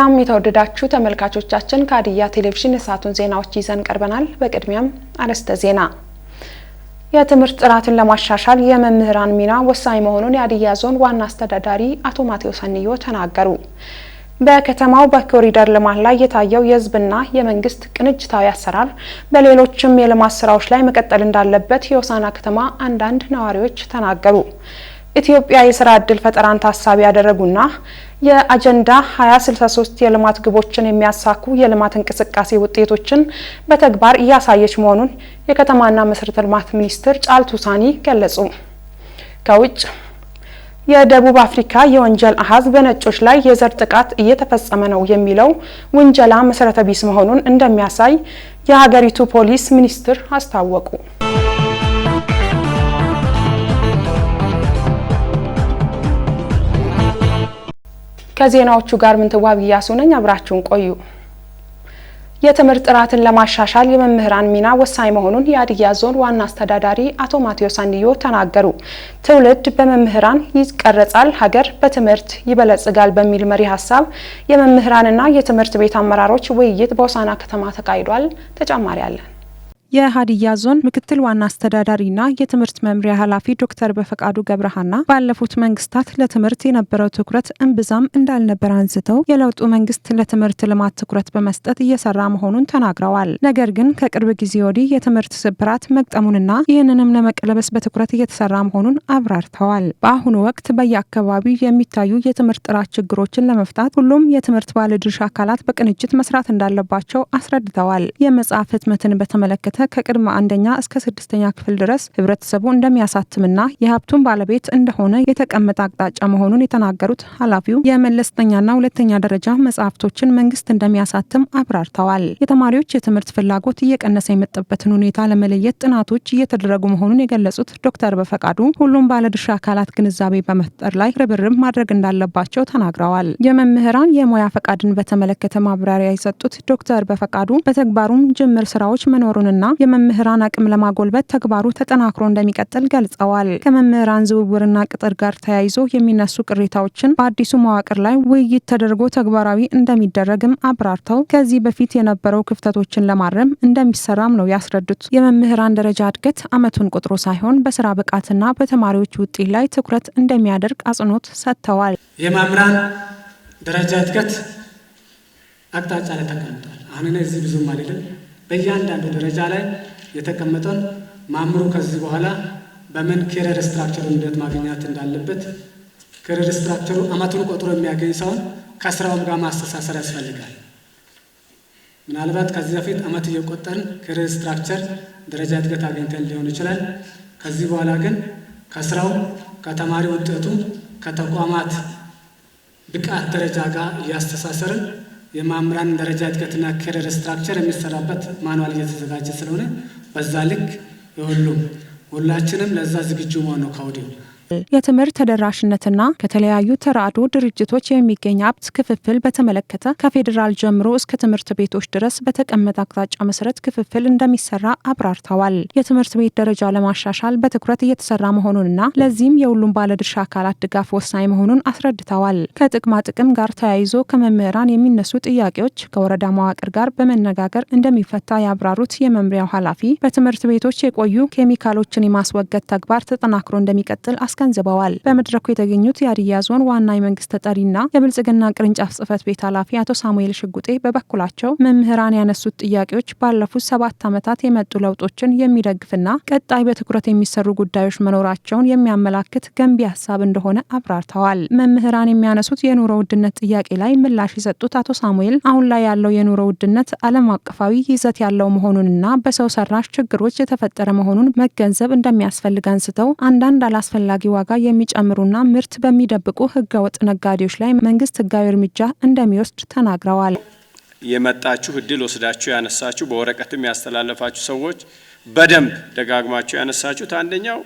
ሰላም የተወደዳችሁ ተመልካቾቻችን፣ ከሀዲያ ቴሌቪዥን የሰዓቱን ዜናዎች ይዘን ቀርበናል። በቅድሚያም አርዕስተ ዜና። የትምህርት ጥራትን ለማሻሻል የመምህራን ሚና ወሳኝ መሆኑን የሀዲያ ዞን ዋና አስተዳዳሪ አቶ ማቴዎስ አንዮ ተናገሩ። በከተማው በኮሪደር ልማት ላይ የታየው የህዝብና የመንግስት ቅንጅታዊ አሰራር በሌሎችም የልማት ስራዎች ላይ መቀጠል እንዳለበት የሆሳዕና ከተማ አንዳንድ ነዋሪዎች ተናገሩ። ኢትዮጵያ የስራ ዕድል ፈጠራን ታሳቢ ያደረጉና የአጀንዳ 2063 የልማት ግቦችን የሚያሳኩ የልማት እንቅስቃሴ ውጤቶችን በተግባር እያሳየች መሆኑን የከተማና መሰረተ ልማት ሚኒስትር ጫልቱ ሳኒ ገለጹ። ከውጭ የደቡብ አፍሪካ የወንጀል አሀዝ በነጮች ላይ የዘር ጥቃት እየተፈጸመ ነው የሚለው ውንጀላ መሰረተ ቢስ መሆኑን እንደሚያሳይ የሀገሪቱ ፖሊስ ሚኒስትር አስታወቁ። ከዜናዎቹ ጋር ምንትዋብ እያሱ ነኝ። አብራችሁን ቆዩ። የትምህርት ጥራትን ለማሻሻል የመምህራን ሚና ወሳኝ መሆኑን የሀዲያ ዞን ዋና አስተዳዳሪ አቶ ማቴዎስ አንድዮ ተናገሩ። ትውልድ በመምህራን ይቀረጻል፣ ሀገር በትምህርት ይበለጽጋል በሚል መሪ ሀሳብ የመምህራንና የትምህርት ቤት አመራሮች ውይይት በሆሳዕና ከተማ ተካሂዷል። ተጨማሪ አለን የሀዲያ ዞን ምክትል ዋና አስተዳዳሪና የትምህርት መምሪያ ኃላፊ ዶክተር በፈቃዱ ገብረሃና ባለፉት መንግስታት ለትምህርት የነበረው ትኩረት እምብዛም እንዳልነበር አንስተው የለውጡ መንግስት ለትምህርት ልማት ትኩረት በመስጠት እየሰራ መሆኑን ተናግረዋል። ነገር ግን ከቅርብ ጊዜ ወዲህ የትምህርት ስብራት መግጠሙንና ይህንንም ለመቀለበስ በትኩረት እየተሰራ መሆኑን አብራርተዋል። በአሁኑ ወቅት በየአካባቢው የሚታዩ የትምህርት ጥራት ችግሮችን ለመፍታት ሁሉም የትምህርት ባለድርሻ አካላት በቅንጅት መስራት እንዳለባቸው አስረድተዋል። የመጽሐፍ ህትመትን በተመለከተ ከቅድመ አንደኛ እስከ ስድስተኛ ክፍል ድረስ ህብረተሰቡ እንደሚያሳትምና የሀብቱን ባለቤት እንደሆነ የተቀመጠ አቅጣጫ መሆኑን የተናገሩት ኃላፊው የመለስተኛና ሁለተኛ ደረጃ መጽሐፍቶችን መንግስት እንደሚያሳትም አብራርተዋል። የተማሪዎች የትምህርት ፍላጎት እየቀነሰ የመጣበትን ሁኔታ ለመለየት ጥናቶች እየተደረጉ መሆኑን የገለጹት ዶክተር በፈቃዱ ሁሉም ባለድርሻ አካላት ግንዛቤ በመፍጠር ላይ ርብርብ ማድረግ እንዳለባቸው ተናግረዋል። የመምህራን የሙያ ፈቃድን በተመለከተ ማብራሪያ የሰጡት ዶክተር በፈቃዱ በተግባሩም ጅምር ስራዎች መኖሩንና የመምህራን አቅም ለማጎልበት ተግባሩ ተጠናክሮ እንደሚቀጥል ገልጸዋል። ከመምህራን ዝውውርና ቅጥር ጋር ተያይዞ የሚነሱ ቅሬታዎችን በአዲሱ መዋቅር ላይ ውይይት ተደርጎ ተግባራዊ እንደሚደረግም አብራርተው ከዚህ በፊት የነበረው ክፍተቶችን ለማረም እንደሚሰራም ነው ያስረዱት። የመምህራን ደረጃ እድገት ዓመቱን ቁጥሮ ሳይሆን በስራ ብቃትና በተማሪዎች ውጤት ላይ ትኩረት እንደሚያደርግ አጽንኦት ሰጥተዋል። የመምህራን ደረጃ እድገት አቅጣጫ ላይ ተቀምጧል። አሁን እዚህ ብዙም አይደለም በእያንዳንዱ ደረጃ ላይ የተቀመጠን ማምሩ ከዚህ በኋላ በምን ኬረር ስትራክቸር እንዴት ማግኘት እንዳለበት ኬረር ስትራክቸሩ አመቱን ቆጥሮ የሚያገኝ ሰውን ከስራውም ጋር ማስተሳሰር ያስፈልጋል። ምናልባት ከዚህ በፊት አመት እየቆጠርን ኬረር ስትራክቸር ደረጃ እድገት አግኝተን ሊሆን ይችላል። ከዚህ በኋላ ግን ከስራው ከተማሪ ውጤቱ ከተቋማት ብቃት ደረጃ ጋር እያስተሳሰርን የማምራን ደረጃ እድገትና ኬሪየር ስትራክቸር የሚሰራበት ማንዋል እየተዘጋጀ ስለሆነ በዛ ልክ የሁሉም ሁላችንም ለዛ ዝግጁ መሆን ነው ከወዲሁ የትምህርት ተደራሽነትና ከተለያዩ ተራድኦ ድርጅቶች የሚገኝ ሀብት ክፍፍል በተመለከተ ከፌዴራል ጀምሮ እስከ ትምህርት ቤቶች ድረስ በተቀመጠ አቅጣጫ መሰረት ክፍፍል እንደሚሰራ አብራርተዋል። የትምህርት ቤት ደረጃ ለማሻሻል በትኩረት እየተሰራ መሆኑንና ለዚህም የሁሉም ባለድርሻ አካላት ድጋፍ ወሳኝ መሆኑን አስረድተዋል። ከጥቅማ ጥቅም ጋር ተያይዞ ከመምህራን የሚነሱ ጥያቄዎች ከወረዳ መዋቅር ጋር በመነጋገር እንደሚፈታ ያብራሩት የመምሪያው ኃላፊ በትምህርት ቤቶች የቆዩ ኬሚካሎችን የማስወገድ ተግባር ተጠናክሮ እንደሚቀጥል አስ አስገንዝበዋል። በመድረኩ የተገኙት የሀዲያ ዞን ዋና የመንግስት ተጠሪና የብልጽግና ቅርንጫፍ ጽህፈት ቤት ኃላፊ አቶ ሳሙኤል ሽጉጤ በበኩላቸው መምህራን ያነሱት ጥያቄዎች ባለፉት ሰባት ዓመታት የመጡ ለውጦችን የሚደግፍና ቀጣይ በትኩረት የሚሰሩ ጉዳዮች መኖራቸውን የሚያመላክት ገንቢ ሀሳብ እንደሆነ አብራርተዋል። መምህራን የሚያነሱት የኑሮ ውድነት ጥያቄ ላይ ምላሽ የሰጡት አቶ ሳሙኤል አሁን ላይ ያለው የኑሮ ውድነት ዓለም አቀፋዊ ይዘት ያለው መሆኑንና በሰው ሰራሽ ችግሮች የተፈጠረ መሆኑን መገንዘብ እንደሚያስፈልግ አንስተው አንዳንድ አላስፈላጊ ዋጋ የሚጨምሩና ምርት በሚደብቁ ህገወጥ ነጋዴዎች ላይ መንግስት ህጋዊ እርምጃ እንደሚወስድ ተናግረዋል። የመጣችሁ እድል ወስዳችሁ ያነሳችሁ፣ በወረቀትም ያስተላለፋችሁ ሰዎች በደንብ ደጋግማችሁ ያነሳችሁት አንደኛው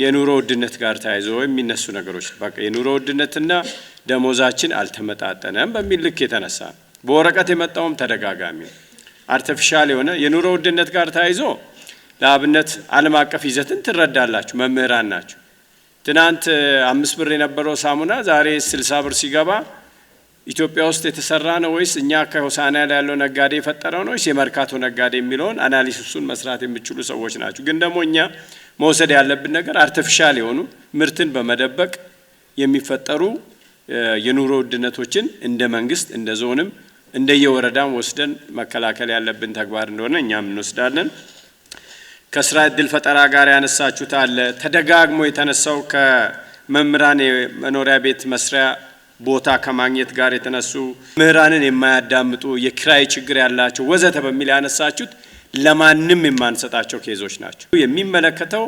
የኑሮ ውድነት ጋር ተያይዞ የሚነሱ ነገሮች በቃ የኑሮ ውድነትና ደሞዛችን አልተመጣጠነም በሚል ልክ የተነሳ በወረቀት የመጣውም ተደጋጋሚ አርቲፊሻል የሆነ የኑሮ ውድነት ጋር ተያይዞ ለአብነት ዓለም አቀፍ ይዘትን ትረዳላችሁ፣ መምህራን ናችሁ። ትናንት አምስት ብር የነበረው ሳሙና ዛሬ ስልሳ ብር ሲገባ ኢትዮጵያ ውስጥ የተሰራ ነው ወይስ እኛ ከሆሳና ያለው ነጋዴ የፈጠረው ነው ወይስ የመርካቶ ነጋዴ የሚለውን አናሊሲሱን መስራት የሚችሉ ሰዎች ናቸው። ግን ደግሞ እኛ መውሰድ ያለብን ነገር አርቲፊሻል የሆኑ ምርትን በመደበቅ የሚፈጠሩ የኑሮ ውድነቶችን እንደ መንግስት እንደ ዞንም እንደየወረዳም ወስደን መከላከል ያለብን ተግባር እንደሆነ እኛም እንወስዳለን። ከስራ እድል ፈጠራ ጋር ያነሳችሁት አለ። ተደጋግሞ የተነሳው ከመምህራን የመኖሪያ ቤት መስሪያ ቦታ ከማግኘት ጋር የተነሱ ምህራንን የማያዳምጡ የኪራይ ችግር ያላቸው ወዘተ በሚል ያነሳችሁት ለማንም የማንሰጣቸው ኬዞች ናቸው የሚመለከተው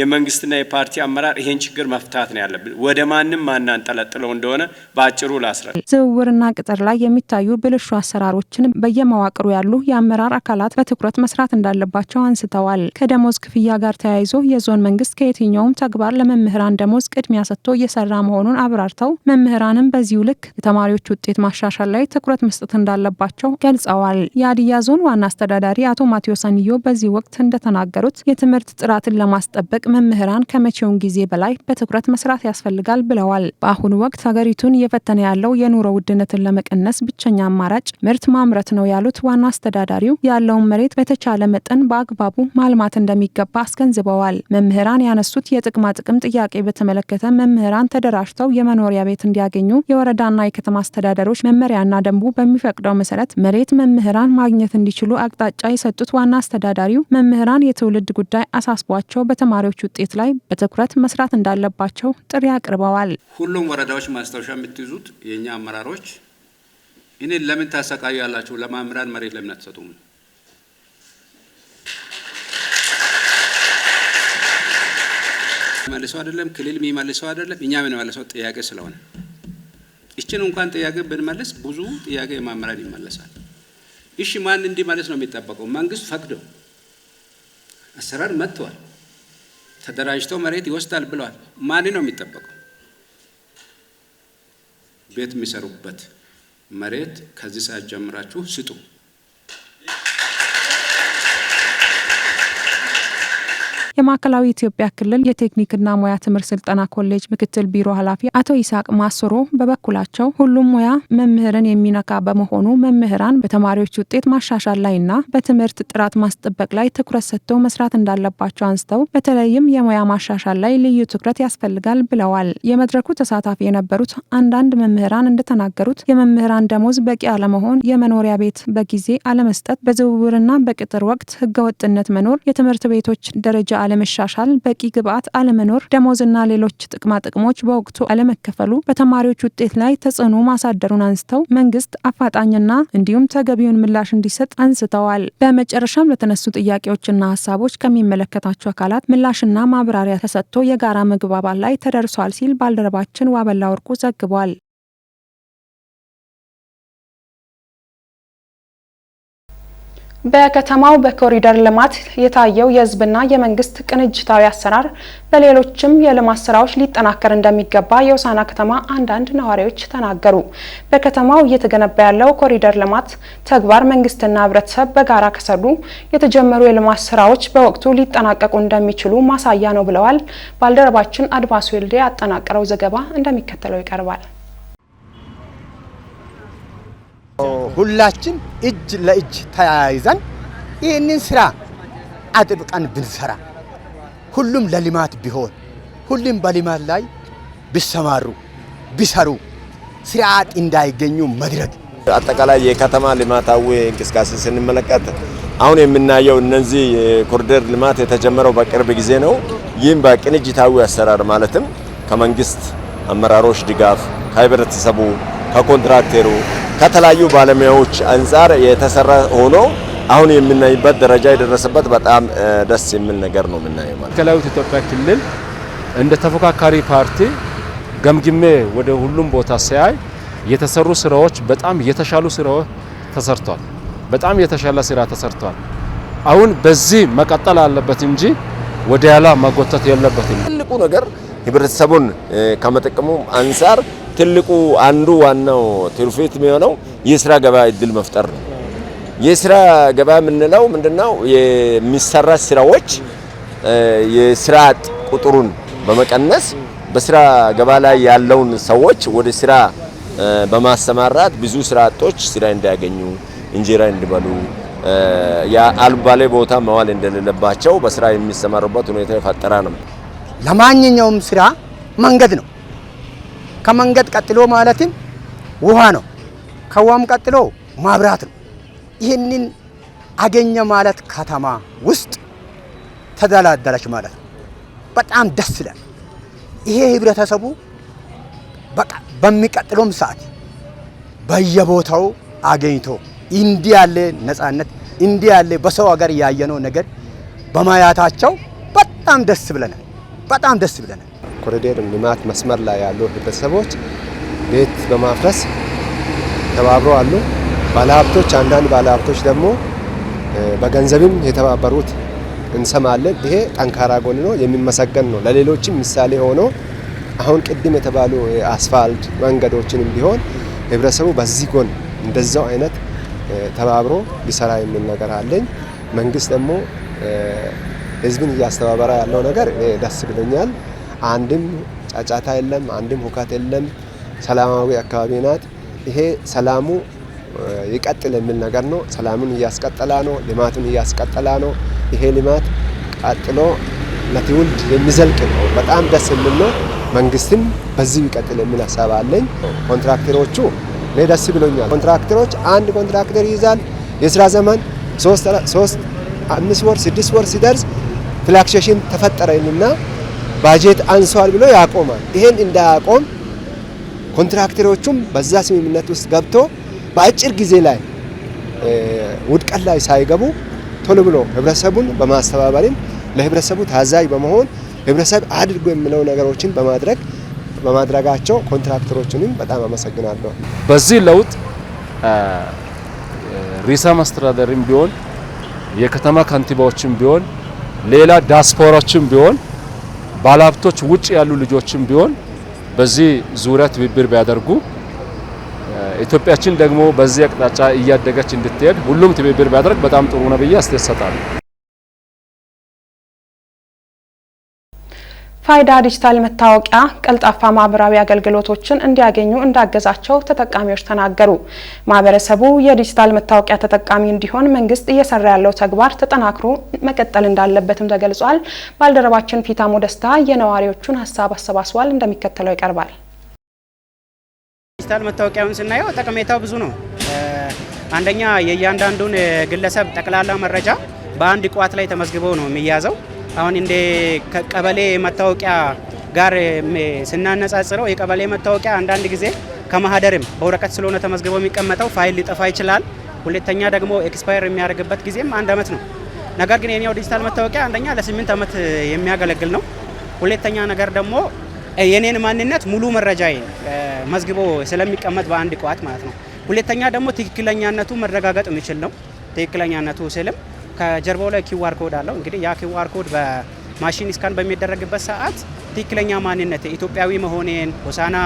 የመንግስትና የፓርቲ አመራር ይሄን ችግር መፍታት ነው ያለብን። ወደ ማንም ማናንጠለጥለው እንደሆነ በአጭሩ ላስረ ዝውውርና ቅጥር ላይ የሚታዩ ብልሹ አሰራሮችን በየመዋቅሩ ያሉ የአመራር አካላት በትኩረት መስራት እንዳለባቸው አንስተዋል። ከደሞዝ ክፍያ ጋር ተያይዞ የዞን መንግስት ከየትኛውም ተግባር ለመምህራን ደሞዝ ቅድሚያ ሰጥቶ እየሰራ መሆኑን አብራርተው መምህራንም በዚሁ ልክ የተማሪዎች ውጤት ማሻሻል ላይ ትኩረት መስጠት እንዳለባቸው ገልጸዋል። የሀዲያ ዞን ዋና አስተዳዳሪ አቶ ማቴዎስ አንዮ በዚህ ወቅት እንደተናገሩት የትምህርት ጥራትን ለማስጠበቅ ለመጠበቅ መምህራን ከመቼውን ጊዜ በላይ በትኩረት መስራት ያስፈልጋል ብለዋል። በአሁኑ ወቅት ሀገሪቱን እየፈተነ ያለው የኑሮ ውድነትን ለመቀነስ ብቸኛ አማራጭ ምርት ማምረት ነው ያሉት ዋና አስተዳዳሪው ያለውን መሬት በተቻለ መጠን በአግባቡ ማልማት እንደሚገባ አስገንዝበዋል። መምህራን ያነሱት የጥቅማ ጥቅም ጥያቄ በተመለከተ መምህራን ተደራጅተው የመኖሪያ ቤት እንዲያገኙ የወረዳና የከተማ አስተዳደሮች መመሪያና ደንቡ በሚፈቅደው መሰረት መሬት መምህራን ማግኘት እንዲችሉ አቅጣጫ የሰጡት ዋና አስተዳዳሪው መምህራን የትውልድ ጉዳይ አሳስቧቸው በተማሪዎች ጉዳዮች ውጤት ላይ በትኩረት መስራት እንዳለባቸው ጥሪ አቅርበዋል። ሁሉም ወረዳዎች ማስታወሻ የምትይዙት የእኛ አመራሮች እኔን ለምን ታሰቃዩ ያላቸው ለማምራን መሬት ለምን አትሰጡም? መልሰው አይደለም ክልል የሚመልሰው አይደለም እኛ የምንመልሰው ጥያቄ ስለሆነ ይችን እንኳን ጥያቄ ብንመልስ ብዙ ጥያቄ የማምራን ይመለሳል። እሺ ማን እንዲመልስ ነው የሚጠበቀው? መንግስት ፈቅደው አሰራር መጥተዋል። ተደራጅቶ መሬት ይወስዳል ብለዋል። ማን ነው የሚጠበቀው? ቤት የሚሰሩበት መሬት ከዚህ ሰዓት ጀምራችሁ ስጡ። የማዕከላዊ ኢትዮጵያ ክልል የቴክኒክና ሙያ ትምህርት ስልጠና ኮሌጅ ምክትል ቢሮ ኃላፊ አቶ ይስሐቅ ማስሮ በበኩላቸው ሁሉም ሙያ መምህርን የሚነካ በመሆኑ መምህራን በተማሪዎች ውጤት ማሻሻል ላይና በትምህርት ጥራት ማስጠበቅ ላይ ትኩረት ሰጥተው መስራት እንዳለባቸው አንስተው በተለይም የሙያ ማሻሻል ላይ ልዩ ትኩረት ያስፈልጋል ብለዋል። የመድረኩ ተሳታፊ የነበሩት አንዳንድ መምህራን እንደተናገሩት የመምህራን ደሞዝ በቂ አለመሆን፣ የመኖሪያ ቤት በጊዜ አለመስጠት፣ በዝውውርና በቅጥር ወቅት ህገወጥነት መኖር፣ የትምህርት ቤቶች ደረጃ አለመሻሻል፣ በቂ ግብዓት አለመኖር፣ ደሞዝና ሌሎች ጥቅማጥቅሞች በወቅቱ አለመከፈሉ በተማሪዎች ውጤት ላይ ተጽዕኖ ማሳደሩን አንስተው መንግስት አፋጣኝና እንዲሁም ተገቢውን ምላሽ እንዲሰጥ አንስተዋል። በመጨረሻም ለተነሱ ጥያቄዎችና ሀሳቦች ከሚመለከታቸው አካላት ምላሽና ማብራሪያ ተሰጥቶ የጋራ መግባባት ላይ ተደርሷል ሲል ባልደረባችን ዋበላ ወርቁ ዘግቧል። በከተማው በኮሪደር ልማት የታየው የህዝብና የመንግስት ቅንጅታዊ አሰራር በሌሎችም የልማት ስራዎች ሊጠናከር እንደሚገባ የሆሳዕና ከተማ አንዳንድ ነዋሪዎች ተናገሩ። በከተማው እየተገነባ ያለው ኮሪደር ልማት ተግባር መንግስትና ህብረተሰብ በጋራ ከሰሩ የተጀመሩ የልማት ስራዎች በወቅቱ ሊጠናቀቁ እንደሚችሉ ማሳያ ነው ብለዋል። ባልደረባችን አድማስ ወልዴ ያጠናቀረው ዘገባ እንደሚከተለው ይቀርባል። ሁላችን እጅ ለእጅ ተያይዘን ይህንን ስራ አጥብቀን ብንሰራ ሁሉም ለልማት ቢሆን ሁሉም በልማት ላይ ቢሰማሩ ቢሰሩ ስራ አጥ እንዳይገኙ መድረግ አጠቃላይ የከተማ ልማታዊ እንቅስቃሴ ስንመለከት አሁን የምናየው እነዚህ የኮሪደር ልማት የተጀመረው በቅርብ ጊዜ ነው። ይህም በቅንጅታዊ አሰራር ማለትም ከመንግስት አመራሮች ድጋፍ፣ ከህብረተሰቡ፣ ከኮንትራክተሩ ከተለያዩ ባለሙያዎች አንጻር የተሰራ ሆኖ አሁን የምናይበት ደረጃ የደረሰበት በጣም ደስ የሚል ነገር ነው የምናየው። ከላዩት ኢትዮጵያ ክልል እንደ ተፎካካሪ ፓርቲ ገምግሜ ወደ ሁሉም ቦታ ሲያይ የተሰሩ ስራዎች በጣም የተሻሉ ስራዎች ተሰርቷል። በጣም የተሻለ ስራ ተሰርቷል። አሁን በዚህ መቀጠል አለበት እንጂ ወደ ኋላ መጎተት የለበትም። ትልቁ ነገር ህብረተሰቡን ከመጠቀሙ አንጻር ትልቁ አንዱ ዋናው ትርፊት የሚሆነው የስራ ገበያ እድል መፍጠር ነው። የስራ ገበያ የምንለው ምንድነው? የሚሰራ ስራዎች የስራ አጥ ቁጥሩን በመቀነስ በስራ ገበያ ላይ ያለውን ሰዎች ወደ ስራ በማሰማራት ብዙ ስራ አጦች ስራ እንዲያገኙ፣ እንጀራ እንዲበሉ፣ የአልባሌ ቦታ መዋል እንደሌለባቸው በስራ የሚሰማሩበት ሁኔታ የፈጠረ ነው። ለማንኛውም ስራ መንገድ ነው። ከመንገድ ቀጥሎ ማለትም ውሃ ነው። ከውሃም ቀጥሎ ማብራት ነው። ይህንን አገኘ ማለት ከተማ ውስጥ ተደላደለች ማለት ነው። በጣም ደስ ይላል። ይሄ ህብረተሰቡ በሚቀጥለውም ሰዓት በየቦታው አገኝቶ እንዲህ ያለ ነጻነት እንዲህ ያለ በሰው ሀገር ያየነው ነገር በማያታቸው በጣም ደስ ብለናል። በጣም ደስ ብለናል። ኮሪደር ልማት መስመር ላይ ያሉ ህብረተሰቦች ቤት በማፍረስ ተባብረው አሉ። ባለሀብቶች፣ አንዳንድ ባለሀብቶች ደግሞ በገንዘብም የተባበሩት እንሰማለን። ይሄ ጠንካራ ጎን ነው፣ የሚመሰገን ነው። ለሌሎችም ምሳሌ ሆኖ አሁን ቅድም የተባሉ አስፋልት መንገዶችንም ቢሆን ህብረተሰቡ በዚህ ጎን እንደዛው አይነት ተባብሮ ሊሰራ የሚል ነገር አለኝ። መንግስት ደግሞ ህዝብን እያስተባበረ ያለው ነገር ደስ ብሎኛል። አንድም ጫጫታ የለም፣ አንድም ሁካት የለም። ሰላማዊ አካባቢ ናት። ይሄ ሰላሙ ይቀጥል የሚል ነገር ነው። ሰላሙን እያስቀጠላ ነው፣ ልማቱን እያስቀጠላ ነው። ይሄ ልማት ቀጥሎ ለትውልድ የሚዘልቅ ነው። በጣም ደስ የሚል ነው። መንግስትም በዚህ ይቀጥል የሚል ሀሳብ አለኝ። ኮንትራክተሮቹ እኔ ደስ ብሎኛል። ኮንትራክተሮች አንድ ኮንትራክተር ይይዛል። የስራ ዘመን ሶስት አምስት ወር ስድስት ወር ሲደርስ ፍላክሽሽን ይልና ባጀት አንሰዋል ብሎ ያቆማል። ይሄን እንዳያቆም ኮንትራክተሮቹም በዛ ስምምነት ውስጥ ገብቶ በአጭር ጊዜ ላይ ውድቀት ላይ ሳይገቡ ቶሎ ብሎ ህብረተሰቡን በማስተባበርም ለህብረተሰቡ ታዛዥ በመሆን ህብረተሰብ አድርጎ የሚለው ነገሮችን በማድረግ በማድረጋቸው ኮንትራክተሮችንም በጣም አመሰግናለሁ። በዚህ ለውጥ ርዕሰ መስተዳድርም ቢሆን የከተማ ከንቲባዎችም ቢሆን ሌላ ዲያስፖራዎችም ቢሆን ባለሀብቶች ውጭ ያሉ ልጆችም ቢሆን በዚህ ዙሪያ ትብብር ቢያደርጉ ኢትዮጵያችን ደግሞ በዚህ አቅጣጫ እያደገች እንድትሄድ ሁሉም ትብብር ቢያደርግ በጣም ጥሩ ነው ብዬ አስተያየት እሰጣለሁ። ፋይዳ ዲጂታል መታወቂያ ቀልጣፋ ማህበራዊ አገልግሎቶችን እንዲያገኙ እንዳገዛቸው ተጠቃሚዎች ተናገሩ። ማህበረሰቡ የዲጂታል መታወቂያ ተጠቃሚ እንዲሆን መንግስት እየሰራ ያለው ተግባር ተጠናክሮ መቀጠል እንዳለበትም ተገልጿል። ባልደረባችን ፊታሞ ደስታ የነዋሪዎቹን ሀሳብ አሰባስቧል፣ እንደሚከተለው ይቀርባል። ዲጂታል መታወቂያውን ስናየው ጠቀሜታው ብዙ ነው። አንደኛ የእያንዳንዱን ግለሰብ ጠቅላላ መረጃ በአንድ ቋት ላይ ተመዝግቦ ነው የሚያዘው አሁን እንደ ቀበሌ መታወቂያ ጋር ስናነጻጽረው የቀበሌ መታወቂያ አንዳንድ ጊዜ ከማህደርም በወረቀት ስለሆነ ተመዝግቦ የሚቀመጠው ፋይል ሊጠፋ ይችላል። ሁለተኛ ደግሞ ኤክስፓየር የሚያደርግበት ጊዜም አንድ አመት ነው። ነገር ግን የኔው ዲጂታል መታወቂያ አንደኛ ለስምንት አመት የሚያገለግል ነው። ሁለተኛ ነገር ደግሞ የኔን ማንነት ሙሉ መረጃዬ መዝግቦ ስለሚቀመጥ በአንድ ቋት ማለት ነው። ሁለተኛ ደግሞ ትክክለኛነቱ መረጋገጥ የሚችል ነው። ትክክለኛነቱ ስልም ከጀርባው ላይ ኪዋር ኮድ አለው። እንግዲህ ያ ኪዋር ኮድ በማሽን ስካን በሚደረግበት ሰዓት ትክክለኛ ማንነት ኢትዮጵያዊ መሆኔን ሆሳና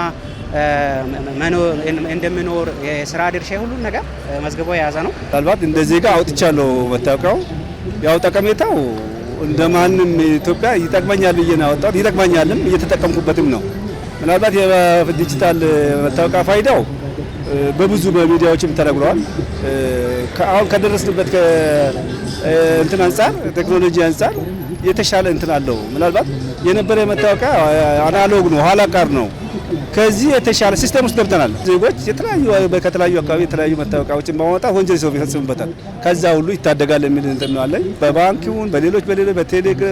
እንደምኖር የስራ ድርሻ ሁሉን ነገር መዝግቦ የያዘ ነው። ምናልባት እንደ ዜጋ አውጥቻለሁ መታወቂያው። ያው ጠቀሜታው እንደ ማንም ኢትዮጵያ ይጠቅመኛል ብዬ ነው ያወጣሁት። ይጠቅመኛልም እየተጠቀምኩበትም ነው። ምናልባት የዲጂታል መታወቂያ ፋይዳው በብዙ በሚዲያዎችም ተነግሯል። አሁን ከደረስንበት እንትን አንጻር ቴክኖሎጂ አንጻር የተሻለ እንትን አለው። ምናልባት የነበረ መታወቂያ አናሎግ ነው፣ ኋላ ቀር ነው። ከዚህ የተሻለ ሲስተም ውስጥ ገብተናል። ዜጎች የተለያዩ ከተለያዩ አካባቢ የተለያዩ መታወቂያዎችን በማውጣት ወንጀል ሰው ይፈጽሙበታል። ከዛ ሁሉ ይታደጋል የሚል እንትን ነው አለኝ። በሌሎች በሌሎች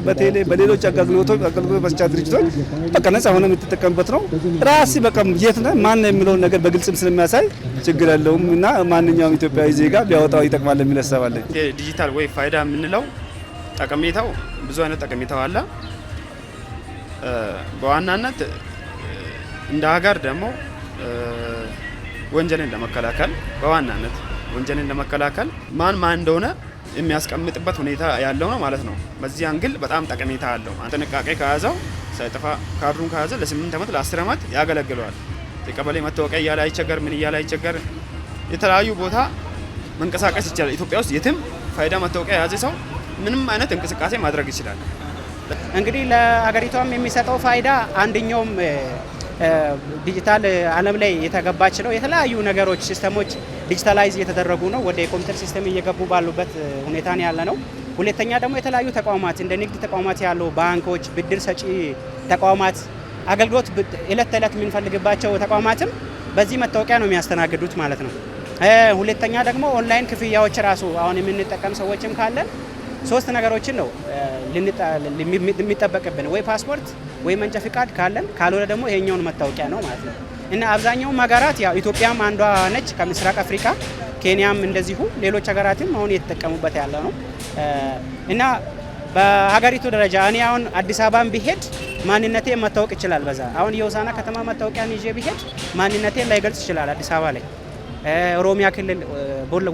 በቴሌ በሌሎች አገልግሎቶች አገልግሎት መስጫ ድርጅቶች በቃ ነጻ ሆነ የምትጠቀምበት ነው። ራሲ በቃ የት ነህ ማን የሚለውን ነገር በግልጽም ስለሚያሳይ ችግር የለውም እና ማንኛውም ኢትዮጵያዊ ዜጋ ቢያወጣው ይጠቅማል የሚል ሀሳብ አለኝ። ዲጂታል ወይ ፋይዳ የምንለው ጠቀሜታው ብዙ አይነት ጠቀሜታው አለ በዋናነት እንደ ሀገር ደግሞ ወንጀልን ለመከላከል በዋናነት ወንጀልን ለመከላከል ማን ማን እንደሆነ የሚያስቀምጥበት ሁኔታ ያለው ነው ማለት ነው። በዚህ አንግል በጣም ጠቀሜታ አለው። ጥንቃቄ ከያዘው ሳይጠፋ ካርዱን ከያዘ ለስምንት ዓመት ለአስር ዓመት ያገለግለዋል። የቀበሌ መታወቂያ እያለ አይቸገር፣ ምን እያለ አይቸገር፣ የተለያዩ ቦታ መንቀሳቀስ ይችላል። ኢትዮጵያ ውስጥ የትም ፋይዳ መታወቂያ የያዘ ሰው ምንም አይነት እንቅስቃሴ ማድረግ ይችላል። እንግዲህ ለሀገሪቷም የሚሰጠው ፋይዳ አንደኛውም ዲጂታል ዓለም ላይ የተገባች ነው። የተለያዩ ነገሮች ሲስተሞች ዲጂታላይዝ እየተደረጉ ነው፣ ወደ ኮምፒውተር ሲስተም እየገቡ ባሉበት ሁኔታ ያለ ነው። ሁለተኛ ደግሞ የተለያዩ ተቋማት እንደ ንግድ ተቋማት ያሉ ባንኮች፣ ብድር ሰጪ ተቋማት፣ አገልግሎት እለት ተእለት የምንፈልግባቸው ተቋማትም በዚህ መታወቂያ ነው የሚያስተናግዱት ማለት ነው። ሁለተኛ ደግሞ ኦንላይን ክፍያዎች ራሱ አሁን የምንጠቀም ሰዎችም ካለን ሶስት ነገሮችን ነው የሚጠበቅብን ወይ ፓስፖርት ወይ መንጃ ፍቃድ ካለን፣ ካልሆነ ደግሞ ይሄኛውን መታወቂያ ነው ማለት ነው። እና አብዛኛውም ሀገራት ያው ኢትዮጵያም አንዷ ነች ከምስራቅ አፍሪካ፣ ኬንያም እንደዚሁ ሌሎች ሀገራትም አሁን እየተጠቀሙበት ያለ ነው እና በሀገሪቱ ደረጃ እኔ አሁን አዲስ አበባን ቢሄድ ማንነቴ መታወቅ ይችላል። በዛ አሁን የውሳና ከተማ መታወቂያን ይዤ ቢሄድ ማንነቴን ላይገልጽ ይችላል አዲስ አበባ ላይ። ኦሮሚያ ክልል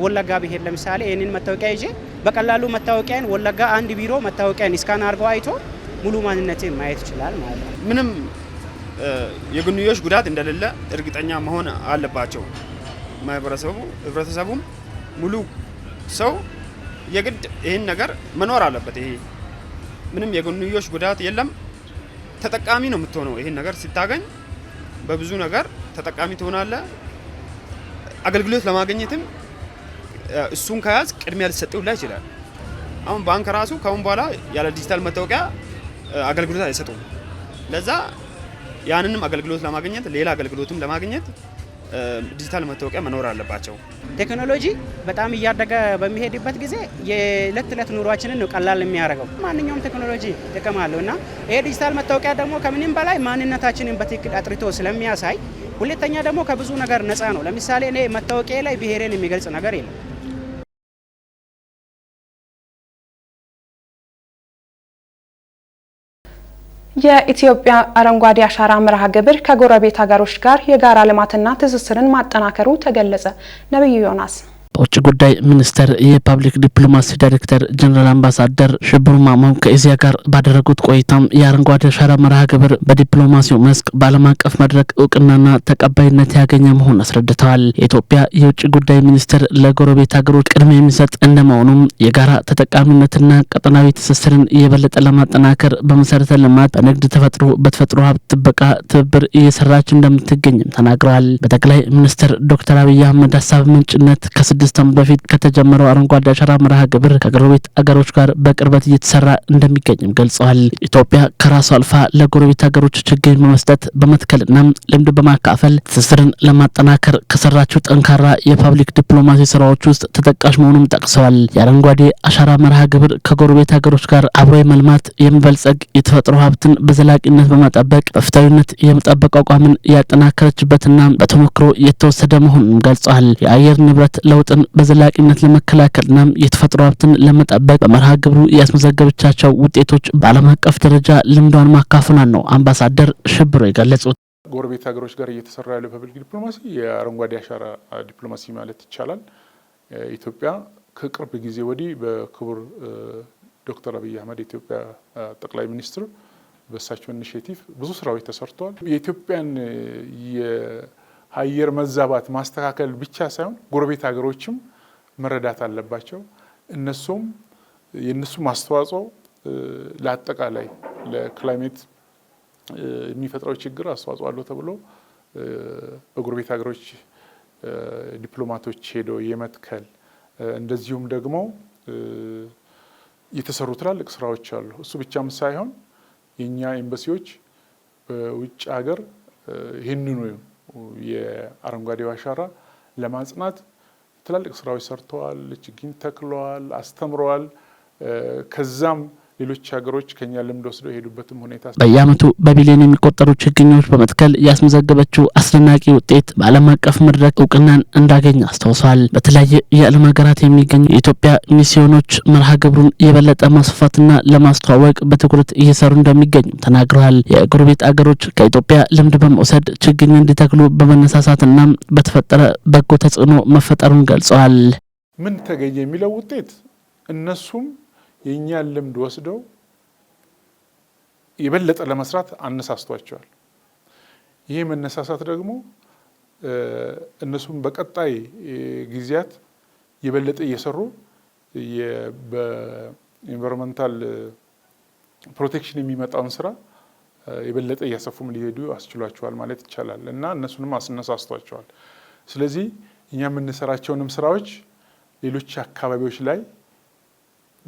ወለጋ ብሄድ ለምሳሌ ይህንን መታወቂያ ይዤ በቀላሉ መታወቂያን ወለጋ አንድ ቢሮ መታወቂያን ስካን አድርገው አይቶ ሙሉ ማንነቴን ማየት ይችላል ማለት ነው። ምንም የግንዮሽ ጉዳት እንደሌለ እርግጠኛ መሆን አለባቸው። ማህበረሰቡ ህብረተሰቡም ሙሉ ሰው የግድ ይህን ነገር መኖር አለበት። ይሄ ምንም የግንዮሽ ጉዳት የለም። ተጠቃሚ ነው የምትሆነው። ይህን ነገር ስታገኝ በብዙ ነገር ተጠቃሚ ትሆናለ። አገልግሎት ለማግኘትም እሱን ከያዝ ቅድሚያ ልሰጠው ላይ ይችላል። አሁን ባንክ ራሱ ከአሁን በኋላ ያለ ዲጂታል መታወቂያ አገልግሎት አይሰጡም። ለዛ ያንንም አገልግሎት ለማግኘት ሌላ አገልግሎትም ለማግኘት ዲጂታል መታወቂያ መኖር አለባቸው። ቴክኖሎጂ በጣም እያደገ በሚሄድበት ጊዜ የዕለት ተዕለት ኑሯችንን ነው ቀላል የሚያደርገው። ማንኛውም ቴክኖሎጂ ጥቅም አለው እና ይሄ ዲጂታል መታወቂያ ደግሞ ከምንም በላይ ማንነታችንን በትክክል አጥርቶ ስለሚያሳይ፣ ሁለተኛ ደግሞ ከብዙ ነገር ነፃ ነው። ለምሳሌ እኔ መታወቂያ ላይ ብሔሬን የሚገልጽ ነገር የለም። የኢትዮጵያ አረንጓዴ አሻራ መርሃ ግብር ከጎረቤት ሀገሮች ጋር የጋራ ልማትና ትስስርን ማጠናከሩ ተገለጸ። ነቢዩ ዮናስ በውጭ ጉዳይ ሚኒስቴር የፐብሊክ ዲፕሎማሲ ዳይሬክተር ጀኔራል አምባሳደር ሽብሩ ማሞ ከኢዜአ ጋር ባደረጉት ቆይታም የአረንጓዴ አሻራ መርሃ ግብር በዲፕሎማሲው መስክ በዓለም አቀፍ መድረክ እውቅናና ተቀባይነት ያገኘ መሆን አስረድተዋል። የኢትዮጵያ የውጭ ጉዳይ ሚኒስቴር ለጎረቤት ሀገሮች ቅድሚያ የሚሰጥ እንደመሆኑም የጋራ ተጠቃሚነትና ቀጠናዊ ትስስርን የበለጠ ለማጠናከር በመሰረተ ልማት፣ በንግድ ተፈጥሮ፣ በተፈጥሮ ሀብት ጥበቃ ትብብር እየሰራች እንደምትገኝም ተናግረዋል። በጠቅላይ ሚኒስትር ዶክተር አብይ አህመድ ሀሳብ ምንጭነት ከስድስት ከስድስት በፊት ከተጀመረው አረንጓዴ አሻራ መርሃ ግብር ከጎረቤት አገሮች ጋር በቅርበት እየተሰራ እንደሚገኝም ገልጸዋል። ኢትዮጵያ ከራሷ አልፋ ለጎረቤት ሀገሮች ችግኝ በመስጠት በመትከልና ልምድ በማካፈል ትስስርን ለማጠናከር ከሰራችው ጠንካራ የፓብሊክ ዲፕሎማሲ ስራዎች ውስጥ ተጠቃሽ መሆኑም ጠቅሰዋል። የአረንጓዴ አሻራ መርሃ ግብር ከጎረቤት ሀገሮች ጋር አብሮ የመልማት የመበልጸግ የተፈጥሮ ሀብትን በዘላቂነት በመጠበቅ በፍትሐዊነት የመጠበቅ አቋምን ያጠናከረችበትና በተሞክሮ የተወሰደ መሆኑንም ገልጸዋል። የአየር ንብረት ለውጥን ሀብትን በዘላቂነት ለመከላከልና የተፈጥሮ ሀብትን ለመጠበቅ በመርሃ ግብሩ ያስመዘገበቻቸው ውጤቶች በዓለም አቀፍ ደረጃ ልምዷን ማካፈኗን ነው አምባሳደር ሽብሮ የገለጹት። ጎረቤት ሀገሮች ጋር እየተሰራ ያለው ፐብሊክ ዲፕሎማሲ የአረንጓዴ አሻራ ዲፕሎማሲ ማለት ይቻላል። ኢትዮጵያ ከቅርብ ጊዜ ወዲህ በክቡር ዶክተር አብይ አህመድ የኢትዮጵያ ጠቅላይ ሚኒስትር በእሳቸው ኢኒሽቲቭ ብዙ ስራዎች ተሰርተዋል። የኢትዮጵያን አየር መዛባት ማስተካከል ብቻ ሳይሆን ጎረቤት ሀገሮችም መረዳት አለባቸው። እነሱም የእነሱም አስተዋጽኦ ለአጠቃላይ ለክላይሜት የሚፈጥረው ችግር አስተዋጽኦ አለው ተብሎ በጎረቤት ሀገሮች ዲፕሎማቶች ሄዶ የመትከል እንደዚሁም ደግሞ የተሰሩ ትላልቅ ስራዎች አሉ። እሱ ብቻም ሳይሆን የእኛ ኤምባሲዎች በውጭ ሀገር ይህንኑ የአረንጓዴው አሻራ ለማጽናት ትላልቅ ስራዎች ሰርተዋል። ችግኝ ተክለዋል፣ አስተምረዋል። ከዛም ሌሎች ሀገሮች ከኛ ልምድ ወስደው የሄዱበትም ሁኔታ በየዓመቱ በቢሊዮን የሚቆጠሩ ችግኞች በመትከል ያስመዘገበችው አስደናቂ ውጤት በዓለም አቀፍ መድረክ እውቅናን እንዳገኝ አስታውሷል። በተለያየ የዓለም ሀገራት የሚገኙ የኢትዮጵያ ሚስዮኖች መርሃ ግብሩን የበለጠ ማስፋትና ለማስተዋወቅ በትኩረት እየሰሩ እንደሚገኙ ተናግረዋል። የጎረቤት አገሮች ከኢትዮጵያ ልምድ በመውሰድ ችግኝ እንዲተክሉ በመነሳሳትና በተፈጠረ በጎ ተጽዕኖ መፈጠሩን ገልጸዋል። ምን ተገኘ የሚለው ውጤት እነሱም የእኛን ልምድ ወስደው የበለጠ ለመስራት አነሳስቷቸዋል። ይህ መነሳሳት ደግሞ እነሱም በቀጣይ ጊዜያት የበለጠ እየሰሩ በኢንቫይሮንመንታል ፕሮቴክሽን የሚመጣውን ስራ የበለጠ እያሰፉም ሊሄዱ አስችሏቸዋል ማለት ይቻላል እና እነሱንም አስነሳስቷቸዋል። ስለዚህ እኛ የምንሰራቸውንም ስራዎች ሌሎች አካባቢዎች ላይ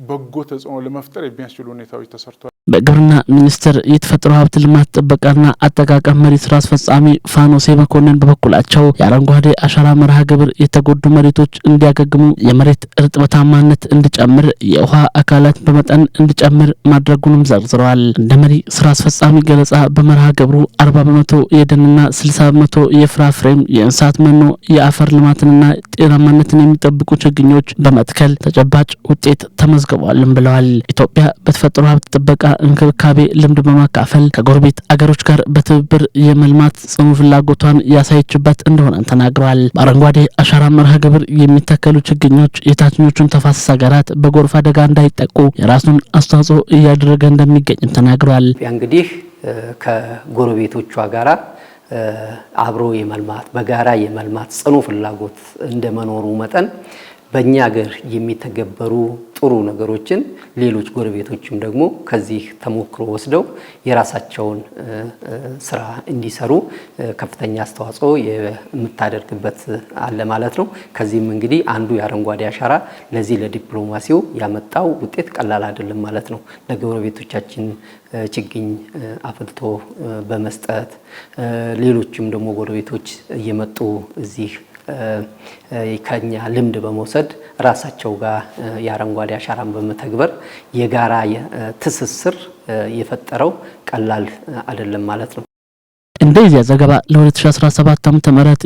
በጎ ተጽዕኖ ለመፍጠር የሚያስችሉ ሁኔታዎች ተሰርቷል። በግብርና ሚኒስቴር የተፈጥሮ ሀብት ልማት ጥበቃና አጠቃቀም መሪ ስራ አስፈጻሚ ፋኖሴ መኮንን በበኩላቸው የአረንጓዴ አሻራ መርሃ ግብር የተጎዱ መሬቶች እንዲያገግሙ፣ የመሬት እርጥበታማነት እንዲጨምር፣ የውሃ አካላት በመጠን እንዲጨምር ማድረጉንም ዘርዝረዋል። እንደ መሪ ስራ አስፈጻሚ ገለጻ በመርሃ ግብሩ አርባ በመቶ የደንና ስልሳ በመቶ የፍራፍሬም የእንስሳት መኖ የአፈር ልማትንና ጤናማነትን የሚጠብቁ ችግኞች በመትከል ተጨባጭ ውጤት ተመዝግቧልም ብለዋል። ኢትዮጵያ በተፈጥሮ ሀብት ጥበቃ እንክብካቤ ልምድ በማካፈል ከጎረቤት አገሮች ጋር በትብብር የመልማት ጽኑ ፍላጎቷን ያሳየችበት እንደሆነ ተናግረዋል። በአረንጓዴ አሻራ መርሃ ግብር የሚተከሉ ችግኞች የታችኞቹን ተፋሰስ ሀገራት በጎርፍ አደጋ እንዳይጠቁ የራሱን አስተዋጽኦ እያደረገ እንደሚገኝም ተናግረዋል። እንግዲህ ከጎረቤቶቿ ጋራ አብሮ የመልማት በጋራ የመልማት ጽኑ ፍላጎት እንደመኖሩ መጠን በእኛ ሀገር የሚተገበሩ ጥሩ ነገሮችን ሌሎች ጎረቤቶችም ደግሞ ከዚህ ተሞክሮ ወስደው የራሳቸውን ስራ እንዲሰሩ ከፍተኛ አስተዋጽኦ የምታደርግበት አለ ማለት ነው። ከዚህም እንግዲህ አንዱ የአረንጓዴ አሻራ ለዚህ ለዲፕሎማሲው ያመጣው ውጤት ቀላል አይደለም ማለት ነው። ለጎረቤቶቻችን ችግኝ አፍልቶ በመስጠት ሌሎችም ደግሞ ጎረቤቶች እየመጡ እዚህ ከኛ ልምድ በመውሰድ ራሳቸው ጋር የአረንጓዴ አሻራን በመተግበር የጋራ ትስስር የፈጠረው ቀላል አይደለም ማለት ነው። እንደ ዘገባ ለ2017 ዓ.ም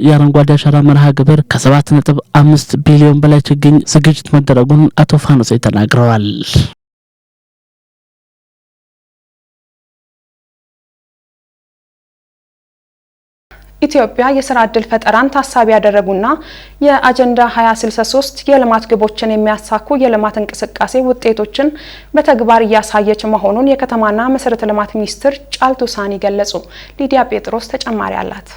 የአረንጓዴ አሻራ መርሃ ግብር ከ7.5 ቢሊዮን በላይ ችግኝ ዝግጅት መደረጉን አቶ ፋኖሴ ተናግረዋል። ኢትዮጵያ የስራ ዕድል ፈጠራን ታሳቢ ያደረጉና የአጀንዳ 2063 የልማት ግቦችን የሚያሳኩ የልማት እንቅስቃሴ ውጤቶችን በተግባር እያሳየች መሆኑን የከተማና መሰረተ ልማት ሚኒስትር ጫልቱ ሳኒ ገለጹ። ሊዲያ ጴጥሮስ ተጨማሪ አላት።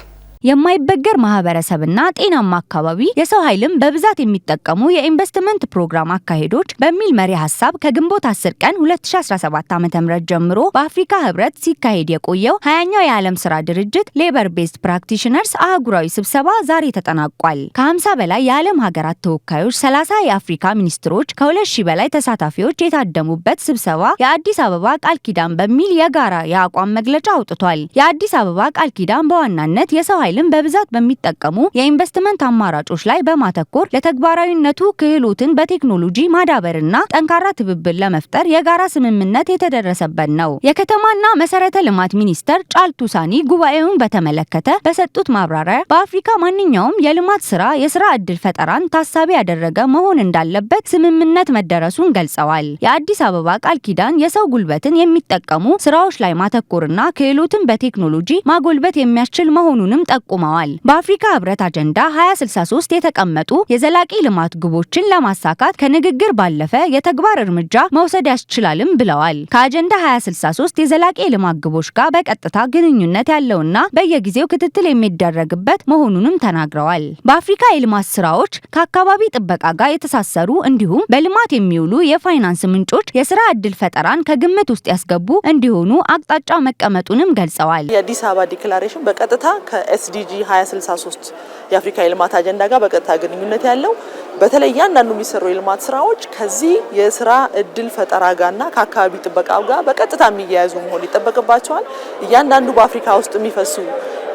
የማይበገር ማህበረሰብና ጤናማ አካባቢ የሰው ኃይልም በብዛት የሚጠቀሙ የኢንቨስትመንት ፕሮግራም አካሄዶች በሚል መሪ ሀሳብ ከግንቦት 10 ቀን 2017 ዓ.ም ጀምሮ በአፍሪካ ህብረት ሲካሄድ የቆየው ሀያኛው የዓለም ስራ ድርጅት ሌበር ቤዝድ ፕራክቲሽነርስ አህጉራዊ ስብሰባ ዛሬ ተጠናቋል። ከ50 በላይ የዓለም ሀገራት ተወካዮች፣ 30 የአፍሪካ ሚኒስትሮች፣ ከ2ሺ በላይ ተሳታፊዎች የታደሙበት ስብሰባ የአዲስ አበባ ቃል ኪዳን በሚል የጋራ የአቋም መግለጫ አውጥቷል። የአዲስ አበባ ቃል ኪዳን በዋናነት የሰው ኃይልን በብዛት በሚጠቀሙ የኢንቨስትመንት አማራጮች ላይ በማተኮር ለተግባራዊነቱ ክህሎትን በቴክኖሎጂ ማዳበርና ጠንካራ ትብብር ለመፍጠር የጋራ ስምምነት የተደረሰበት ነው። የከተማና መሰረተ ልማት ሚኒስተር ጫልቱ ሳኒ ጉባኤውን በተመለከተ በሰጡት ማብራሪያ በአፍሪካ ማንኛውም የልማት ስራ የስራ ዕድል ፈጠራን ታሳቢ ያደረገ መሆን እንዳለበት ስምምነት መደረሱን ገልጸዋል። የአዲስ አበባ ቃል ኪዳን የሰው ጉልበትን የሚጠቀሙ ስራዎች ላይ ማተኮርና ክህሎትን በቴክኖሎጂ ማጎልበት የሚያስችል መሆኑንም ጠቁመዋል። በአፍሪካ ህብረት አጀንዳ 2063 የተቀመጡ የዘላቂ ልማት ግቦችን ለማሳካት ከንግግር ባለፈ የተግባር እርምጃ መውሰድ ያስችላልም ብለዋል። ከአጀንዳ 2063 የዘላቂ ልማት ግቦች ጋር በቀጥታ ግንኙነት ያለውና በየጊዜው ክትትል የሚደረግበት መሆኑንም ተናግረዋል። በአፍሪካ የልማት ስራዎች ከአካባቢ ጥበቃ ጋር የተሳሰሩ እንዲሁም በልማት የሚውሉ የፋይናንስ ምንጮች የስራ ዕድል ፈጠራን ከግምት ውስጥ ያስገቡ እንዲሆኑ አቅጣጫ መቀመጡንም ገልጸዋል። የአዲስ አበባ ዲክላሬሽን በቀጥታ ከኤስ ኤስዲጂ 2063 የአፍሪካ የልማት አጀንዳ ጋር በቀጥታ ግንኙነት ያለው በተለይ እያንዳንዱ የሚሰሩ የልማት ስራዎች ከዚህ የስራ እድል ፈጠራ ጋርና ከአካባቢ ጥበቃ ጋር በቀጥታ የሚያያዙ መሆን ይጠበቅባቸዋል። እያንዳንዱ በአፍሪካ ውስጥ የሚፈሱ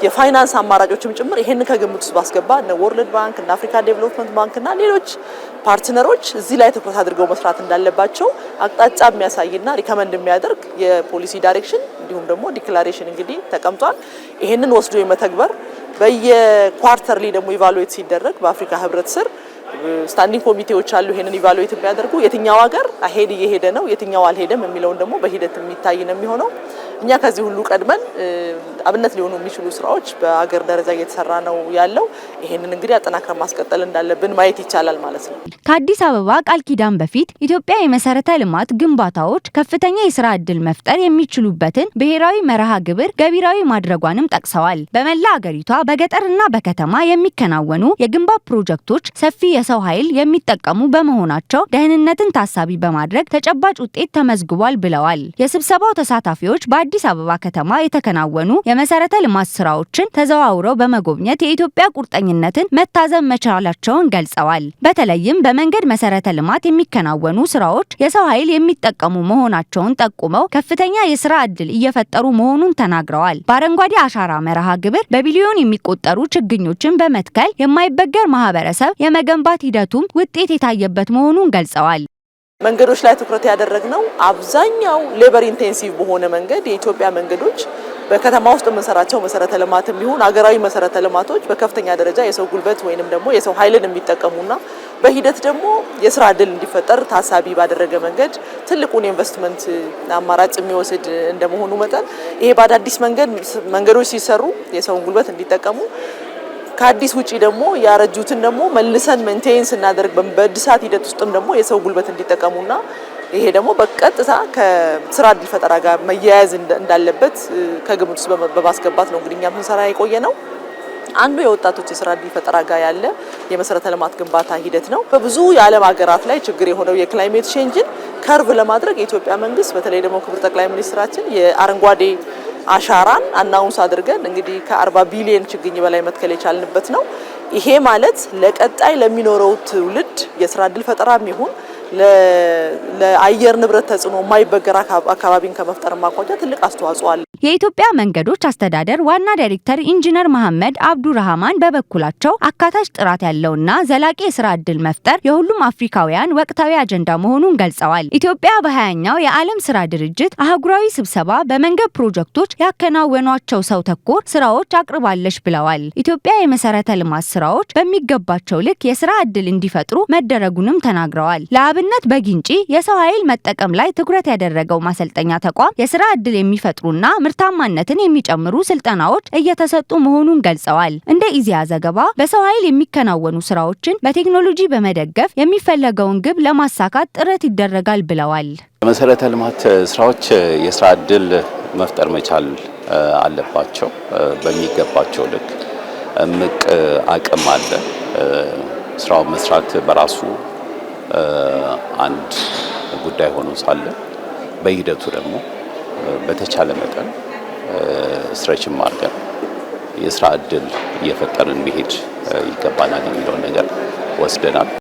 የፋይናንስ አማራጮችም ጭምር ይሄን ከግምት ውስጥ ባስገባ እነ ወርልድ ባንክ እና አፍሪካ ዴቨሎፕመንት ባንክ እና ሌሎች ፓርትነሮች እዚህ ላይ ትኩረት አድርገው መስራት እንዳለባቸው አቅጣጫ የሚያሳይና ሪከመንድ የሚያደርግ የፖሊሲ ዳይሬክሽን እንዲሁም ደግሞ ዲክላሬሽን እንግዲህ ተቀምጧል። ይህንን ወስዶ የመተግበር በየኳርተርሊ ደግሞ ኢቫሉዌት ሲደረግ በአፍሪካ ህብረት ስር ስታንዲንግ ኮሚቴዎች አሉ፣ ይሄንን ኢቫሉዌት የሚያደርጉ የትኛው ሀገር አሄድ እየሄደ ነው፣ የትኛው አልሄደም የሚለውን ደግሞ በሂደት የሚታይ ነው የሚሆነው። እኛ ከዚህ ሁሉ ቀድመን አብነት ሊሆኑ የሚችሉ ስራዎች በአገር ደረጃ እየተሰራ ነው ያለው። ይሄንን እንግዲህ አጠናክረን ማስቀጠል እንዳለብን ማየት ይቻላል ማለት ነው። ከአዲስ አበባ ቃል ኪዳን በፊት ኢትዮጵያ የመሰረተ ልማት ግንባታዎች ከፍተኛ የስራ እድል መፍጠር የሚችሉበትን ብሔራዊ መርሃ ግብር ገቢራዊ ማድረጓንም ጠቅሰዋል። በመላ አገሪቷ በገጠርና በከተማ የሚከናወኑ የግንባታ ፕሮጀክቶች ሰፊ የሰው ኃይል የሚጠቀሙ በመሆናቸው ደህንነትን ታሳቢ በማድረግ ተጨባጭ ውጤት ተመዝግቧል ብለዋል። የስብሰባው ተሳታፊዎች በአዲስ አበባ ከተማ የተከናወኑ የመሰረተ ልማት ስራዎችን ተዘዋውረው በመጎብኘት የኢትዮጵያ ቁርጠኝነትን መታዘብ መቻላቸውን ገልጸዋል። በተለይም በመንገድ መሰረተ ልማት የሚከናወኑ ስራዎች የሰው ኃይል የሚጠቀሙ መሆናቸውን ጠቁመው ከፍተኛ የስራ ዕድል እየፈጠሩ መሆኑን ተናግረዋል። በአረንጓዴ አሻራ መርሃ ግብር በቢሊዮን የሚቆጠሩ ችግኞችን በመትከል የማይበገር ማህበረሰብ የመገንባ የመገንባት ሂደቱም ውጤት የታየበት መሆኑን ገልጸዋል። መንገዶች ላይ ትኩረት ያደረግነው አብዛኛው ሌበር ኢንቴንሲቭ በሆነ መንገድ የኢትዮጵያ መንገዶች በከተማ ውስጥ የምንሰራቸው መሰረተ ልማት የሚሆን አገራዊ መሰረተ ልማቶች በከፍተኛ ደረጃ የሰው ጉልበት ወይንም ደግሞ የሰው ኃይልን የሚጠቀሙና በሂደት ደግሞ የስራ እድል እንዲፈጠር ታሳቢ ባደረገ መንገድ ትልቁን የኢንቨስትመንት አማራጭ የሚወስድ እንደመሆኑ መጠን ይሄ በአዳዲስ መንገድ መንገዶች ሲሰሩ የሰውን ጉልበት እንዲጠቀሙ ከአዲስ ውጪ ደግሞ ያረጁትን ደግሞ መልሰን መንቴን ስናደርግ በእድሳት ሂደት ውስጥም ደግሞ የሰው ጉልበት እንዲጠቀሙና ይሄ ደግሞ በቀጥታ ከስራ እድል ፈጠራ ጋር መያያዝ እንዳለበት ከግምት ውስጥ በማስገባት ነው እንግዲህ እኛም ስንሰራ የቆየ ነው። አንዱ የወጣቶች የስራ እድል ፈጠራ ጋር ያለ የመሰረተ ልማት ግንባታ ሂደት ነው። በብዙ የዓለም ሀገራት ላይ ችግር የሆነው የክላይሜት ቼንጅን ከርቭ ለማድረግ የኢትዮጵያ መንግስት በተለይ ደግሞ ክቡር ጠቅላይ ሚኒስትራችን የአረንጓዴ አሻራን አናውንስ አድርገን እንግዲህ ከ40 ቢሊዮን ችግኝ በላይ መትከል የቻልንበት ነው። ይሄ ማለት ለቀጣይ ለሚኖረው ትውልድ የስራ እድል ፈጠራም ይሁን ለአየር ንብረት ተጽዕኖ የማይበገር አካባቢን ከመፍጠር ማቋጫ ትልቅ አስተዋጽኦ አለ። የኢትዮጵያ መንገዶች አስተዳደር ዋና ዳይሬክተር ኢንጂነር መሐመድ አብዱራህማን በበኩላቸው አካታች ጥራት ያለውና ዘላቂ የስራ ዕድል መፍጠር የሁሉም አፍሪካውያን ወቅታዊ አጀንዳ መሆኑን ገልጸዋል። ኢትዮጵያ በሀያኛው የዓለም ስራ ድርጅት አህጉራዊ ስብሰባ በመንገድ ፕሮጀክቶች ያከናወኗቸው ሰው ተኮር ስራዎች አቅርባለች ብለዋል። ኢትዮጵያ የመሰረተ ልማት ስራዎች በሚገባቸው ልክ የስራ ዕድል እንዲፈጥሩ መደረጉንም ተናግረዋል። ለአብነት በጊንጪ የሰው ኃይል መጠቀም ላይ ትኩረት ያደረገው ማሰልጠኛ ተቋም የስራ ዕድል የሚፈጥሩና ምርት ምርታማነትን የሚጨምሩ ስልጠናዎች እየተሰጡ መሆኑን ገልጸዋል። እንደ ኢዜአ ዘገባ በሰው ኃይል የሚከናወኑ ስራዎችን በቴክኖሎጂ በመደገፍ የሚፈለገውን ግብ ለማሳካት ጥረት ይደረጋል ብለዋል። መሰረተ ልማት ስራዎች የስራ እድል መፍጠር መቻል አለባቸው። በሚገባቸው ልክ እምቅ አቅም አለ። ስራው መስራት በራሱ አንድ ጉዳይ ሆኖ ሳለ በሂደቱ ደግሞ በተቻለ መጠን ስትሬችን ማድረግ የስራ እድል እየፈጠርን መሄድ ይገባናል የሚለውን ነገር ወስደናል።